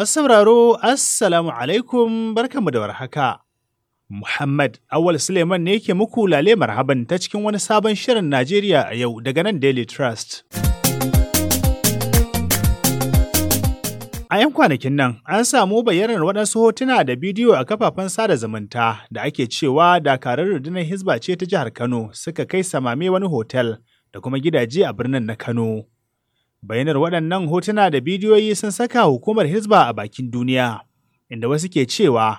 Masu sauraro, Assalamu alaikum barkanmu da warhaka. Muhammad Awal Suleiman ne yake muku lale marhaban ta cikin wani sabon shirin Najeriya a yau daga nan Daily Trust. A 'yan kwanakin nan, an samu bayyanar waɗansu hotuna da bidiyo a kafafen sada zumunta da ake cewa dakarar rundunar Hizba ce ta jihar Kano suka kai samame wani hotel da kuma gidaje a birnin na Kano. Bayanar waɗannan hotuna da bidiyoyi sun saka hukumar Hisba a bakin duniya, inda wasu ke cewa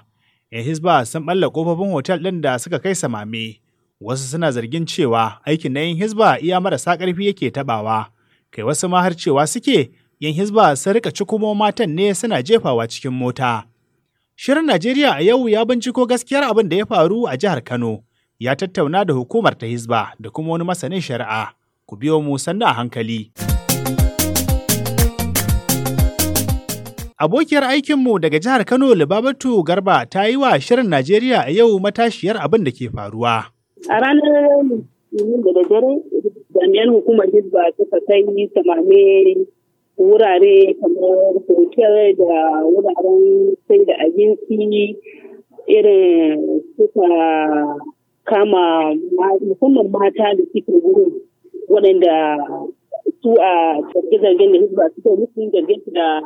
‘yan Hisba sun ɓalla kofofin hotel ɗin da suka kai samame, wasu suna zargin cewa aikin na yan Hisba iya marasa ƙarfi yake taɓawa, kai wasu ma har cewa suke ‘yan Hisba sun rika ci kuma matan ne suna jefawa cikin mota. Shirin Najeriya a yau ya binciko gaskiyar abin da ya faru a jihar Kano, ya tattauna da hukumar ta Hisba da kuma wani masanin shari'a. Ku biyo mu sannu a hankali. Abokiyar aikinmu daga jihar Kano Libabatu Garba ta yi wa shirin Najeriya a yau matashiyar abin da ke faruwa. A ranar Litinin da dare, jami'an hukumar Hizba suka kai samame wurare kamar hotel da wuraren sai da abinci irin suka kama musamman mata da suke wurin waɗanda su a zarge da Hizba suka yi da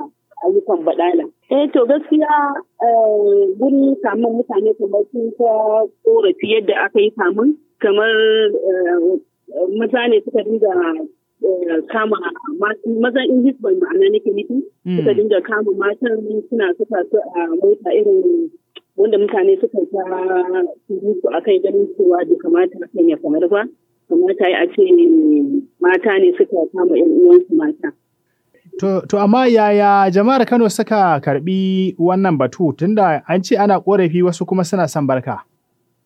ayyukan baɗala. Eh to gaskiya eh, guri kamun mutane kamar sun ta korafi yadda aka yi kamun kamar eh, maza ne suka dinga eh, kama maza in hisban ma'ana nake nufi hmm. suka dinga kama matan suna saka su a mota irin wanda mutane suka ta su a kai ganin cewa da kamata a kan ya kamar ba kamata a ce mata ne suka kama 'yan uwansu mata. To, amma yaya jama'ar Kano suka karbi wannan batu tunda an ce ana korafi wasu kuma suna son barka?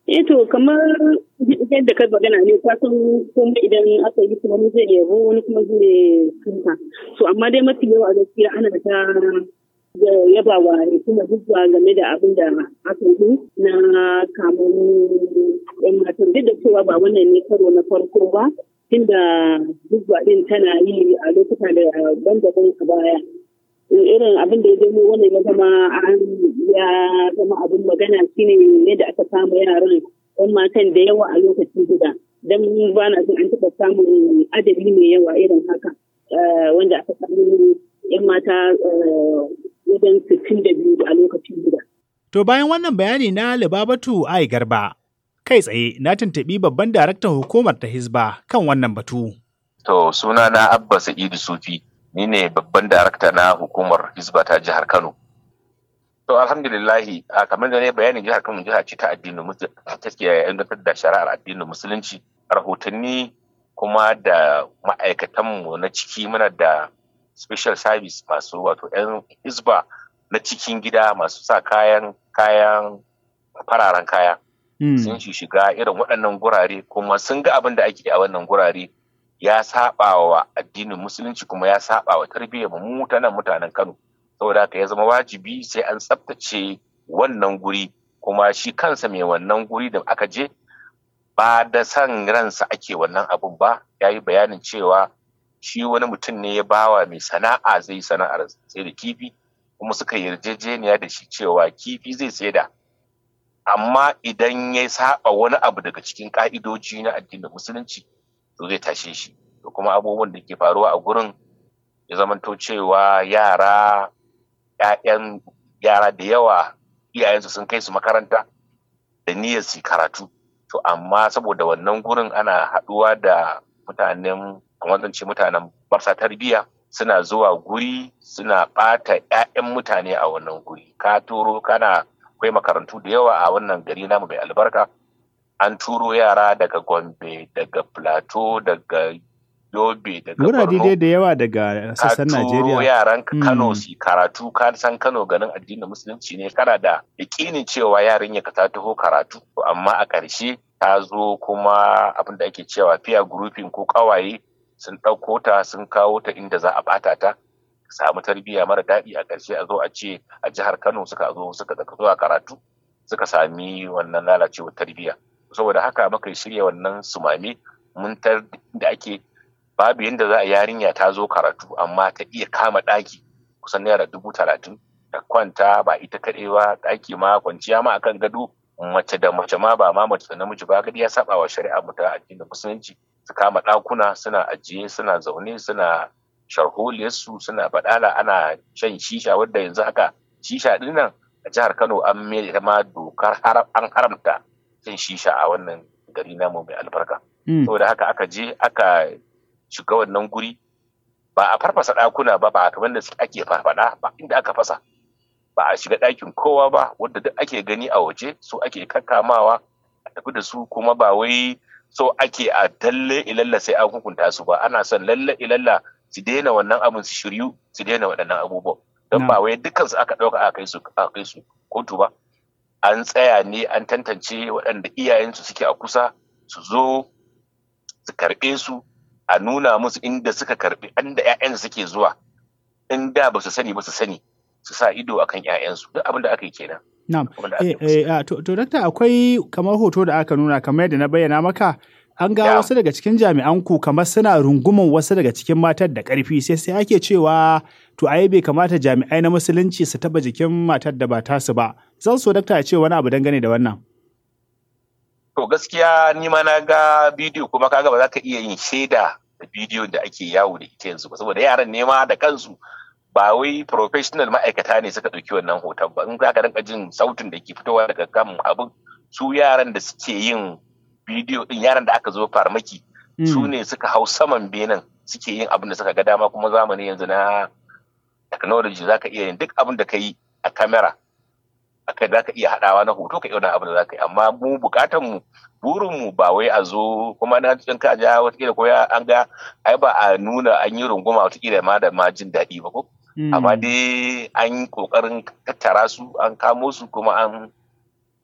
Eh to kamar yadda ka magana ne ka san kuma idan aka yi wani zai yabo wani kuma zai kuka. So amma dai mafi yawa a gaskiya ana ta yaba wa kuma zuwa game da abin da aka yi na kamun yan matan duk da cewa ba wannan ne karo na farko ba tunda duk din tana yi a lokuta da daban-daban a baya eh, irin abin da ya zama wannan ya zama an ya zama abin magana shine yadda aka samu yaran yan matan da yawa a lokacin guda dan ba na jin an taɓa samun adadi mai yawa irin haka eh, wanda aka samu yan mata eh, wajen sittin da biyu a lokacin guda. To bayan wannan bayani na Libabatu Ai Garba, Kai tsaye na tuntuɓi babban daraktan hukumar ta Hizba kan wannan batu. To suna na Abba Sa'idu Sufi ni ne babban darakta na hukumar Hizba ta jihar Kano. To alhamdulillahi a kamar da ne bayanin jihar Kano jiha ce ta addinin musulunci ke yangatar da shari'ar addinin musulunci rahotanni kuma da ma'aikatanmu na ciki muna da special service masu wato 'yan Hizba na cikin gida masu sa kayan kayan fararen kaya. Hmm. sun shi shiga irin waɗannan gurare kuma sun ga abin da ake a wannan gurare ya saba wa addinin musulunci kuma ya saba wa tarbiyyar mu nan mutanen Kano saboda haka ya zama wajibi sai an tsaftace wannan guri kuma shi kansa mai wannan guri da aka je ba da san ransa ake wannan abun ba ya yi bayanin cewa shi wani mutum ne ya bawa mai sana'a zai sana'ar sai da kifi kuma suka yarjejeniya da shi cewa kifi zai saida amma idan ya saba wani abu daga cikin ka'idoji na addinin musulunci to zai tashe shi to kuma abubuwan da ke faruwa a gurin ya zamanto cewa yara ‘ya'yan yara da yawa iyayensu sun kai su makaranta da niyyar su karatu to amma saboda wannan gurin ana haɗuwa da mutanen zan ce mutanen barsa tarbiyya suna zuwa guri suna ɓata ‘ya'yan mutane a wannan guri ka turo kana akwai makarantu da yawa a wannan gari namu mai albarka an turo yara daga gombe daga plateau daga yobe daga Borno. wurare da yawa daga sassan najeriya ka yaran hmm. kano si karatu ka san kano ganin addinin musulunci ne kana da yakinin cewa yarin ya ta taho karatu amma a ƙarshe ta zo kuma abin da ake cewa fiya gurufin ko ƙawaye sun ɗauko ta sun kawo ta inda za a ɓata ta samu tarbiyya mara daɗi a ƙarshe a zo a ce a jihar Kano suka zo suka zuwa karatu suka sami wannan lalacewar tarbiyya saboda haka muka shirya wannan sumami mun tar da ake babu yadda za a yarinya ta zo karatu amma ta iya kama ɗaki kusan naira dubu talatin ta kwanta ba ita kaɗai ba ɗaki ma kwanciya ma akan gado mace da mace ma ba ma mace da namiji ba gadi ya saba wa shari'a mu ta addinin musulunci su kama ɗakuna suna ajiye suna zaune suna sharholiyarsu suna fadala ana shan shisha wadda yanzu haka shisha din nan a jihar Kano an mai ma dokar an haramta shan shisha a wannan gari namu mai albarka. Mm. Saboda haka aka je aka shiga wannan guri ba a farfasa ɗakuna ba ba kamar da ake farfada ba inda aka fasa ba a shiga ɗakin kowa ba wadda duk ake gani a waje so ake kakamawa a tafi da su kuma ba wai so ake a talle ilalla sai an hukunta su ba ana son lalle ilalla su daina wannan abin su shiryu su daina waɗannan abubuwan don ba wai dukkan su aka ɗauka aka kai su kotu ba an tsaya ne an tantance waɗanda iyayensu suke a kusa su zo su karɓe su a nuna musu inda suka karɓi inda ƴaƴansu suke zuwa in da ba su sani ba su sani su sa ido akan ƴaƴansu duk abin da aka yi kenan Na'am. Eh, eh, to, to, akwai kamar hoto da aka nuna kamar yadda na bayyana maka an ga wasu daga cikin jami'an ku kamar suna runguman wasu daga cikin matar da ƙarfi sai sai ake cewa to ai bai kamata jami'ai na musulunci su taba jikin matar da ba ta su ba zan so dakta ya ce wani abu dangane da wannan to gaskiya ni ma na ga bidiyo kuma kaga ba za ka iya yin shaida da bidiyo da ake yawo da ita yanzu ba saboda yaran nema da kansu ba wai professional ma'aikata ne suka ɗauki wannan hoton ba in za ka rinka jin sautin da ke fitowa daga kan abin su yaran da suke yin bidiyo din yaran da aka zo farmaki hmm. su ne suka hau saman benin suke yin abin da suka ga dama kuma zamani yanzu na technology zaka iya yin duk abin da ka yi a kamera aka za ka iya haɗawa na hoto ka iya wani abin da za ka yi amma mu bukatan mu burin mu ba wai a zo kuma na cikin ka ja kila ko an ga ai ba a nuna an yi runguma kila ma da ma jin daɗi ba ko hmm. amma dai an yi kokarin tattara su an kamo su kuma an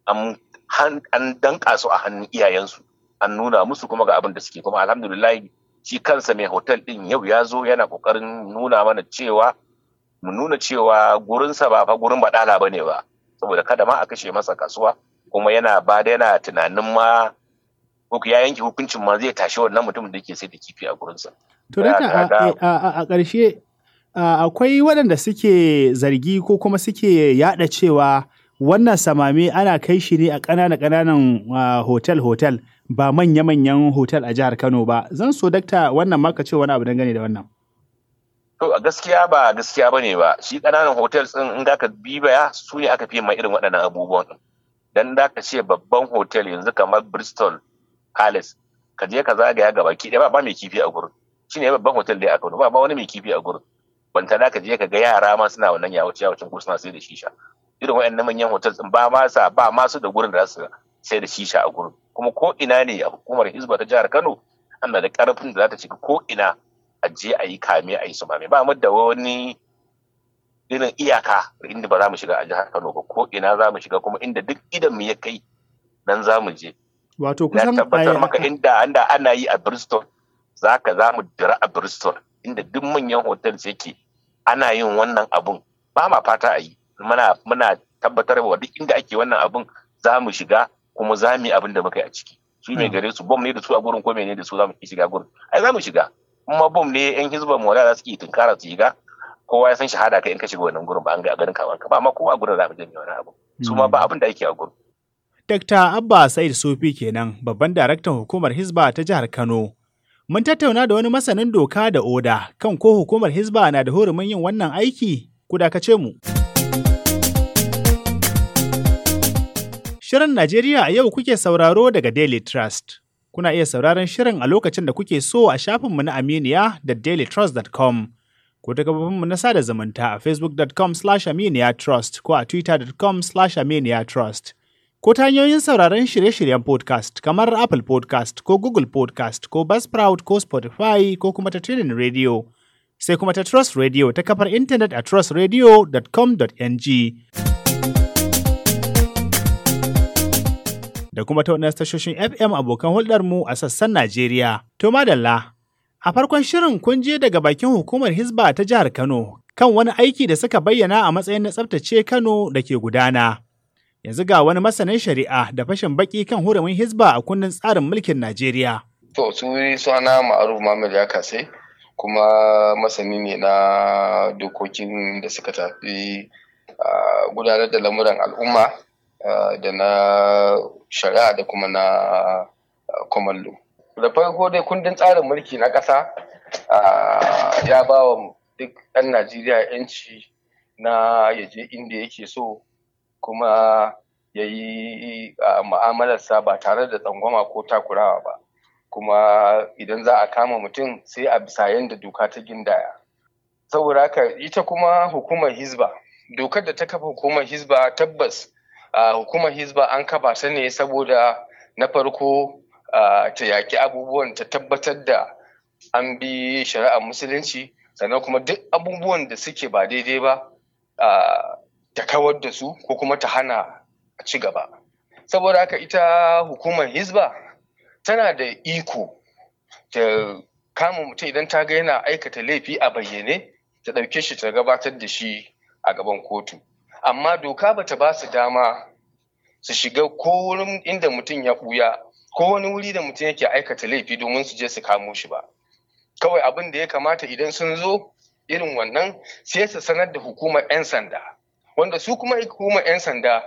an an danka su a hannun iyayensu an nuna musu kuma ga abin da suke kuma alhamdulillah shi kansa mai hotel din yau ya zo yana kokarin nuna mana cewa mu nuna cewa gurinsa ba fa gurin badala ba ne ba saboda kada ma a kashe masa kasuwa kuma yana ba da yana tunanin ma ya yanke hukuncin ma zai tashi wannan mutumin da yake sai da kifi a gurinsa. To a ƙarshe akwai waɗanda suke zargi ko kuma suke yaɗa cewa wannan samami ana kai shi ne a ƙananan ƙananan hotel-hotel ba manya-manyan hotel a jihar Kano ba. Zan so dakta wannan maka ce wani abu dangane da wannan. To a gaskiya ba gaskiya bane ba shi ƙananan hotels din in bi baya su ne aka fi mai irin waɗannan abubuwan dan da ka ce babban hotel yanzu kamar Bristol Palace ka je ka zagaya gaba ki ba ba mai kifi a gurin shi ne babban hotel da aka ba ba wani mai kifi a gurin banta da ka je ka ga yara ma suna wannan yawace yawacin ko suna sai da shisha irin wayannan manyan hotel din ba ma sa ba ma su da gurin da su sai da shisha a gurin kuma ko ina ne a hukumar hizba ta jihar Kano ana da karfin da za ta cika ko ina a je a yi kame a yi su mame ba mu da wani irin iyaka inda ba za mu shiga a jihar Kano ba ko ina za mu shiga kuma inda duk idan mu ya kai nan za mu je wato kusan tabbatar eh, maka inda anda ana yi a Bristol zaka za mu dira a Bristol inda duk manyan hotel yake ana yin wannan abun ba ma fata a yi muna tabbatar wa duk inda ake wannan abin za mu shiga kuma za mu yi abin da muka yi a ciki su mai hmm. gare su bom ne da su a gurin ko ne da su za mu shiga gurin ai za mu shiga kuma bom ne yan hizba mu za su yi tunkara su shiga kowa ya san shahada kai in ka shiga wannan gurin ba an ga ganin kawan ka ba amma kowa gurin za mu jami'a wani abu su ma ba hmm. abin da ake a gurin Dr. Abba Said Sufi kenan babban daraktan hukumar Hizba ta jihar Kano. Mun tattauna da wani masanin doka da oda kan ko hukumar Hizba na da hurumin yin wannan aiki ku dakace mu. Shirin Najeriya a yau kuke sauraro daga Daily Trust. Kuna iya sauraron shirin a lokacin da kuke so a shafinmu na Aminiya da dailytrust.com ko ta gabafinmu na sada zumunta a facebook.com slash aminiyatrust ko a twitter.com slash aminiyatrust ko ta hanyoyin sauraron shirye-shiryen podcast kamar Apple podcast ko Google podcast ko Buzzsprout ko Spotify ko kuma ta tunin radio sai kuma ta Trust Radio ta kafar intanet a trustradio.com.ng. da kuma ta waɗansu tashoshin FM abokan hulɗar mu a sassan Najeriya. To madalla, a farkon shirin kun je daga bakin hukumar Hizba ta jihar Kano kan wani aiki da suka bayyana a matsayin na tsaftace Kano da ke gudana. Yanzu ga wani masanin shari'a da fashin baki kan hurumin Hizba a kundin tsarin mulkin Najeriya. To, suna Ma'aruf Muhammad ya kase, kuma masani ne na dokokin da suka tafi ah, gudanar da lamuran al'umma Ah, da na shari'a da kuma na common ah, da farko dai kundin tsarin mulki na ƙasa ah, ya ba wa duk ɗan najeriya 'yanci na yaje je inda yake so kuma ya yi ma'amalarsa ba tare da tsangwama ko takurawa ba kuma idan za a kama mutum sai a bisa yadda doka ta gindaya saboda haka ita kuma hukumar hizba dokar da ta kafa hukumar hizba tabbas hukumar hizba an kaba ta ne saboda na farko ta yaƙi abubuwan ta tabbatar da an bi shari'ar musulunci sannan kuma duk abubuwan da suke ba daidai ba ta kawar da su ko kuma ta hana a ci gaba saboda haka ita hukumar hizba tana da iko ta kama mutum idan ta ga yana aikata laifi a bayyane ta ɗauke shi ta gabatar da shi a gaban kotu amma doka bata ba su dama su shiga ko wurin inda mutum ya ɓuya ko wani wuri da mutum yake aikata laifi domin su je su kamo shi ba kawai abin da ya kamata idan sun zo irin wannan sai su sanar da hukumar 'yan sanda wanda su kuma hukumar 'yan sanda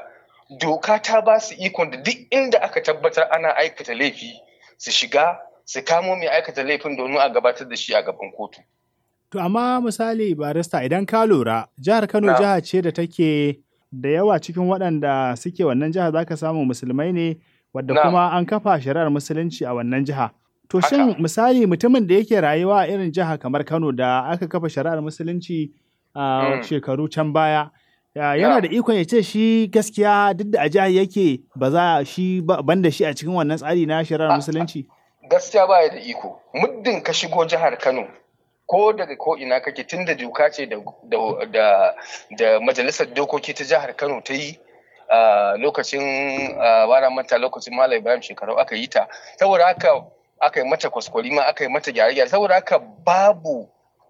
doka ta ba su ikon da duk inda aka tabbatar ana aikata laifi su shiga su kamo mai aikata laifin domin a gabatar da shi a gaban kotu To amma misali barista idan ka lura jihar Kano jiha ce da take da yawa cikin waɗanda suke wannan jiha zaka samu musulmai ne wadda kuma an kafa shari'ar musulunci a wannan jiha. To shin misali mutumin da yake rayuwa a irin jiha kamar Kano da aka kafa shari'ar musulunci a mm. shekaru can baya yana da ikon ya ce shi gaskiya duk da a jihar yake ba za shi banda shi a cikin wannan tsari na shari'ar musulunci. Gaskiya ba da iko muddin ka shigo jihar Kano ko daga ko ina kake tun da doka ce da majalisar dokoki ta jihar Kano ta yi lokacin wara mata lokacin Malam Ibrahim shekaru aka yi ta saboda haka aka yi mata kwaskwari ma aka yi mata gyare-gyare saboda haka babu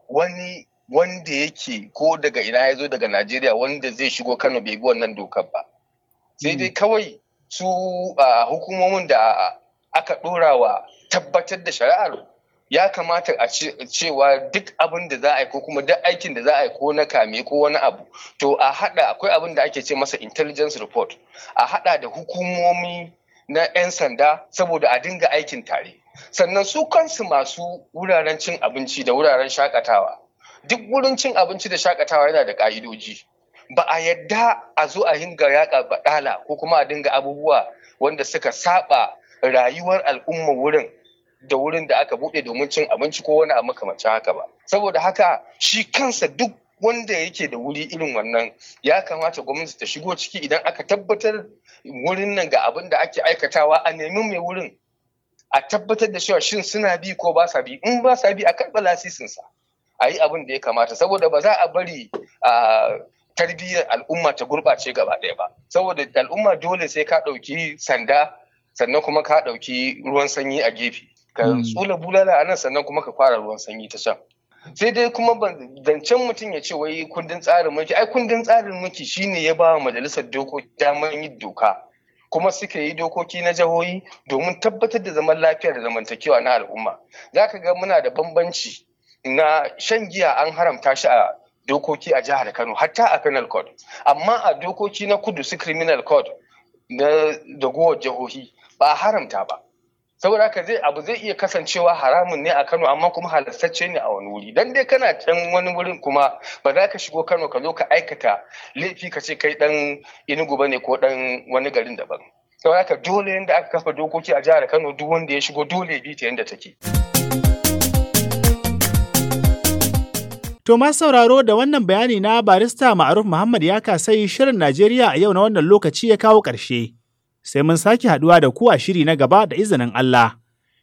wani wanda yake ko daga ina ya zo daga Najeriya wanda zai shigo Kano bai bi wannan dokar ba sai dai hmm. kawai su hukumomin da aka ɗora wa tabbatar da shari'ar ya kamata a cewa duk abin da za a yi ko kuma duk aikin da za a yi ko na kame ko wani abu to a hada akwai abin da ake ce masa intelligence report a hada da hukumomi na 'yan sanda saboda a dinga aikin tare sannan su kansu masu wuraren cin abinci da wuraren shakatawa duk wurin cin abinci da shakatawa yana da ka'idoji ba a yadda a zo a hinga yaƙa baɗala ko kuma a dinga abubuwa wanda suka saba rayuwar al'umma wurin da wurin da aka buɗe domin cin abinci ko wani abu makamancin haka ba saboda haka shi kansa duk wanda yake da wuri irin wannan ya kamata gwamnati ta shigo ciki idan aka tabbatar wurin nan ga abin da ake aikatawa a nemi mai wurin a tabbatar da cewa shin suna bi ko ba sa bi in ba sa bi a karɓa lasisinsa a yi abin da ya kamata saboda ba za a bari a tarbiyyar al'umma ta gurɓace gaba ɗaya ba saboda al'umma dole sai ka ɗauki sanda sannan kuma ka ɗauki ruwan sanyi a gefe ka mm. tsula bulala a nan sannan kuma ka fara ruwan sanyi ta can sai dai kuma zancen mutum ya ce wai kundin tsarin mulki ai kundin tsarin mulki shine ya ba wa majalisar dokoki damar yin doka kuma suka yi dokoki na jihohi domin tabbatar da zaman lafiya da zamantakewa na al'umma za ka ga muna da bambanci na shan giya an haramta shi a dokoki a jihar kano hatta a penal code amma a dokoki na kudu su criminal code da gowar jihohi ba a haramta ba saboda haka zai abu zai iya kasancewa haramun ne a Kano amma kuma halartacce ne a wani wuri dan dai kana can wani wurin kuma ba za ka shigo Kano ka zo ka aikata laifi ka ce kai dan Enugu bane ko dan wani garin daban saboda haka dole yanda aka kafa dokoki a jihar Kano duk wanda ya shigo dole ya bi ta yanda take To ma sauraro da wannan bayani na barista Ma'aruf Muhammad ya kasai shirin Najeriya a yau na wannan lokaci ya kawo ƙarshe. sai mun sake haɗuwa da ku a shiri na gaba da izinin Allah.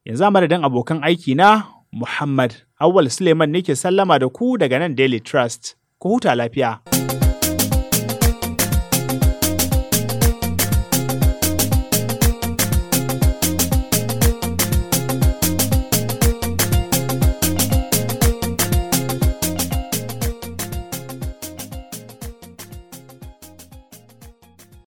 Yanzu a madadin abokan aiki na Muhammad Awal Suleiman ke sallama da ku daga nan Daily Trust. Ku huta lafiya.